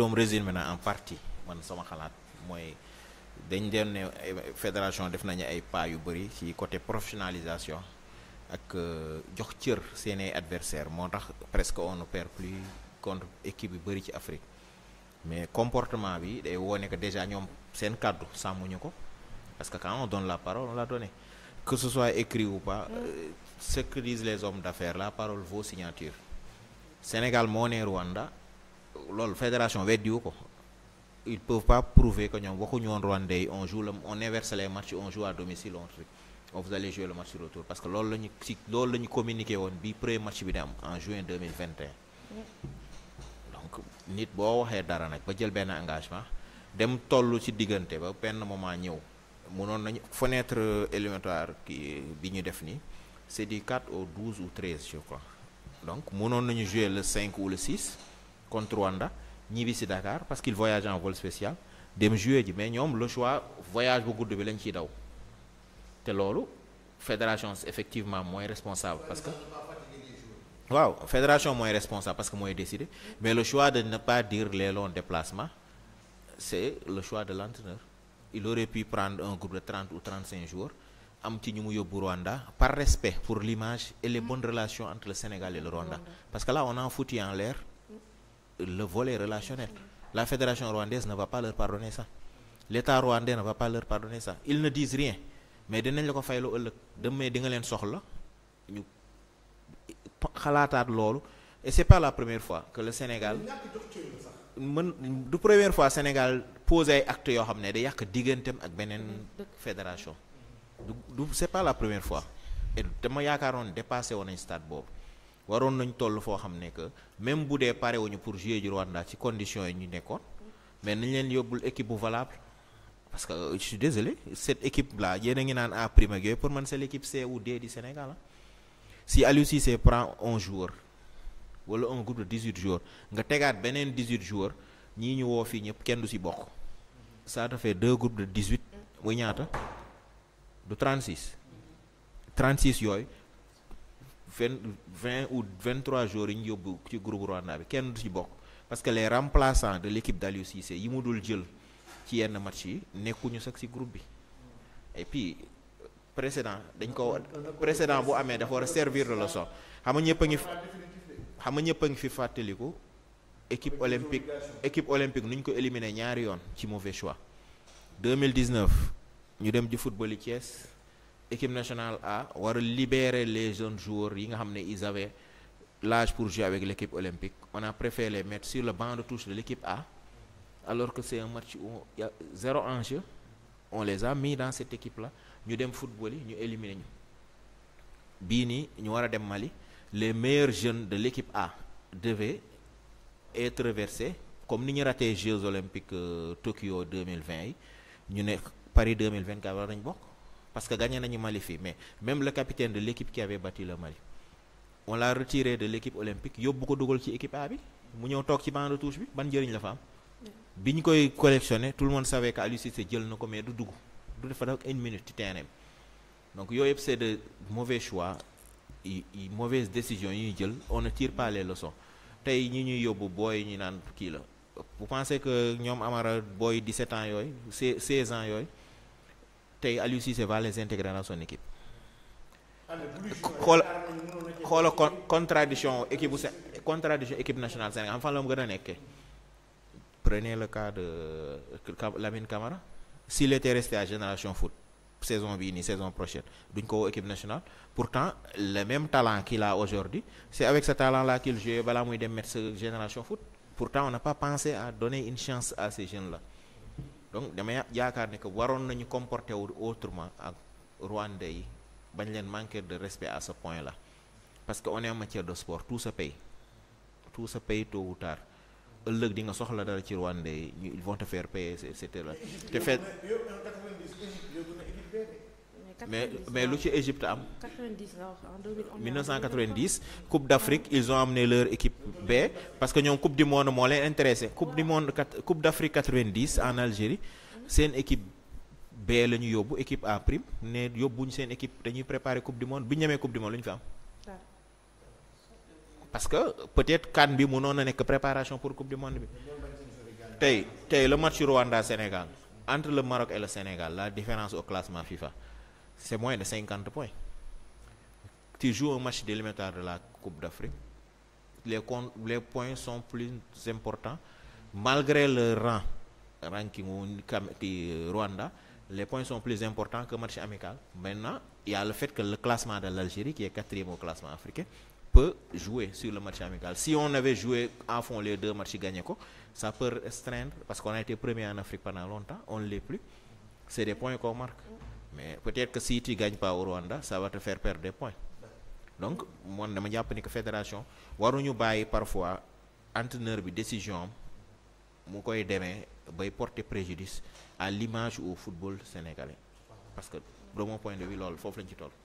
hommes résident maintenant en partie man sama xalat moy dañ eh, fédération def nañ ay pas yu le côté professionnalisation ak euh, jox tier adversaires presque on ne perd plus contre équipe yu africaine. ci Afrique mais comportement bi day woné que déjà un cadre sans le ko parce que quand on donne la parole on la donne que ce soit écrit ou pas mm. euh, ce que disent les hommes d'affaires la parole vaut signature Sénégal Moné, Rwanda loolu fédération weddiwu ko ils peuvent pas prouver que ñoom waxuñu woon Rwandais on joue le on inverse les matchs on joue à domicile on on vous allez jouer le match sur retour parce que loolu lañu ñu si loolu la communiqué bi premier match bi di am en juin 2021 donc nit bo waxé dara nak ba jël un engagement dem tollu ci digënté ba benn moment ñëw mënon nañ fenêtre éliminatoire bi ñu def ni c'est du 4 au 12 ou 13 je crois donc mënon nañu jouer le 5 ou le 6 contre Rwanda ni si Dakar parce qu'il voyage en vol spécial dem jouer dit mais nous le choix voyage beaucoup de bi lañ ciy daw la fédération effectivement moins responsable parce que waaw fédération moins responsable parce que ai décidé mais le choix de ne pas dire les longs déplacements c'est le choix de l'entraîneur il aurait pu prendre un groupe de 30 ou 35 jours am ci ñu mu Rwanda par respect pour l'image et les bonnes relations entre le Sénégal et le Rwanda parce que là on a foutu en l'air le volet relationnel. La fédération rwandaise ne va pas leur pardonner ça. L'État rwandais ne va pas leur pardonner ça. Ils ne disent rien. mais dinañ la ko fayloo ëllëg demee di nga leen soxla ñu et c'est pas la première fois que le Sénégal de du première fois le Sénégal pose un acte Il a da yàq ak benen fédération du n'est c'est pas la première fois et dama yaakaaroon dépassé dépasser le stade Bob. C'est nañ toll fo xamné que même bu nous paré wuñu pour jouer du Rwanda ci conditions yi ñu nekkoon mais nañ leen yobul équipe valable parce que euh, je suis désolé cette équipe là yéne a ngi naan A prime ak pour moi, c'est l'équipe C ou D du Sénégal hein. si Aliou Cissé prend un joueur wala un groupe de 18 joueurs nga tégaat benen 18 jours ñi ñu wo fi ñep kenn du ci ça fait deux groupes de 18 muy ñaata du 36 36 yoy 20 ou 23 jours yi ñu yóbbu ci groupe Rwanda bi kenn du ci bok parce que les remplaçants de l'équipe équipe d'Aliou Cissé yi mu dul jël ci yenn match yi nekkuñu sax ci groupe bi et puis précédent dañ ko précédent bu amé dafa war servir de leçon xam nga ñëpp ngi xam nga ngi fi fateliku équipe olympique équipe olympique nuñ ko éliminer ñaari yoon ci mauvais choix 2019 ñu dem di football yi Thiès L'équipe nationale A war a libérer les jeunes joueurs yi nga ils avaient l'âge pour jouer avec l'équipe olympique on a préféré les mettre sur le banc de touche de l'équipe A alors que c'est un match où il y a zéro enjeu on les a mis dans cette équipe là Nous dem football yi ñu éliminer ñu bi ni ñu wara Mali les meilleurs jeunes de l'équipe A devaient être versés comme ni ñu raté Jeux olympiques euh, Tokyo 2020 ñu ne Paris 2024 war nañ bokk parce que gagné nañu Mali fait. mais même le capitaine de l'équipe qui avait battu le Mali on l'a retiré de l'équipe olympique yóbbu ko dougal ci équipe A bi mu ñëw tok ci banc de touche bi ban jëriñ la fa am biñ koy tout le monde savait que Aliou Cissé jël na ko mais du dugg du une minute ci terrain donc c'est de mauvais choix et mauvaise décision yi jël on ne tire pas les leçons tay ñi ñuy yóbbu booy ñu la vous pensez que ñom Amara boy 17 ans 16 ans yoy tey Aliou Cissé va les intégrer dans son équipe. xool contradiction équipe équipe nationale Sénégal xam fan la prenez le cas de Lamine Camara s'il était resté à Génération Foot saison bii saison prochaine duñ ko équipe nationale pourtant le même talent qu'il a aujourd'hui c'est avec ce talent là qu'il joue bala muy dem mettre Génération Foot pourtant on n'a pas pensé à donner une chance à ces jeunes là donc dama yaakaar ne que waroon nañu comporter wu autrement ak Rwandais bañ leen manquer de respect à sa point la parce que on est en matière de sport tout sa paye tout sa paye tôt taar ëllëg di nga soxla dara ci Rwandais yi ils vont te faire payer c'est te fait mais mais en 1990 Coupe d'Afrique ils ont amené leur équipe B parce que une Coupe du monde moo leen intéressé Coupe du monde Coupe d'Afrique 90 en Algérie c'est une équipe. B l'équipe équipe A prime ne c'est une équipe dañuy préparer coupe du monde bi coupe du monde une parce que peut-être CAN bi mënoon na que préparation pour coupe du monde bi. le match Rwanda Sénégal entre le Maroc et le Sénégal la différence au classement FIFA c'est moins de 50 points. Tu joues un match d'élémentaire de la Coupe d'Afrique, les, points sont plus importants. Malgré le rang, ranking du Rwanda, les points sont plus importants que le match amical. Maintenant, il y a le fait que le classement de l'Algérie, qui est quatrième au classement africain, peut jouer sur le match amical. Si on avait joué à fond les deux matchs gagnés, ça peut restreindre, parce qu'on a été premier en Afrique pendant longtemps, on ne l'est plus. C'est des points qu'on marque mais peut-être que si tu ne gagnes pas au Rwanda ça va te faire perdre des points donc moi, dama pense ni la fédération waruñu parfois entraîneur bi décision pour porter préjudice à l'image au football sénégalais parce que de mon point de vue il faut lañ ci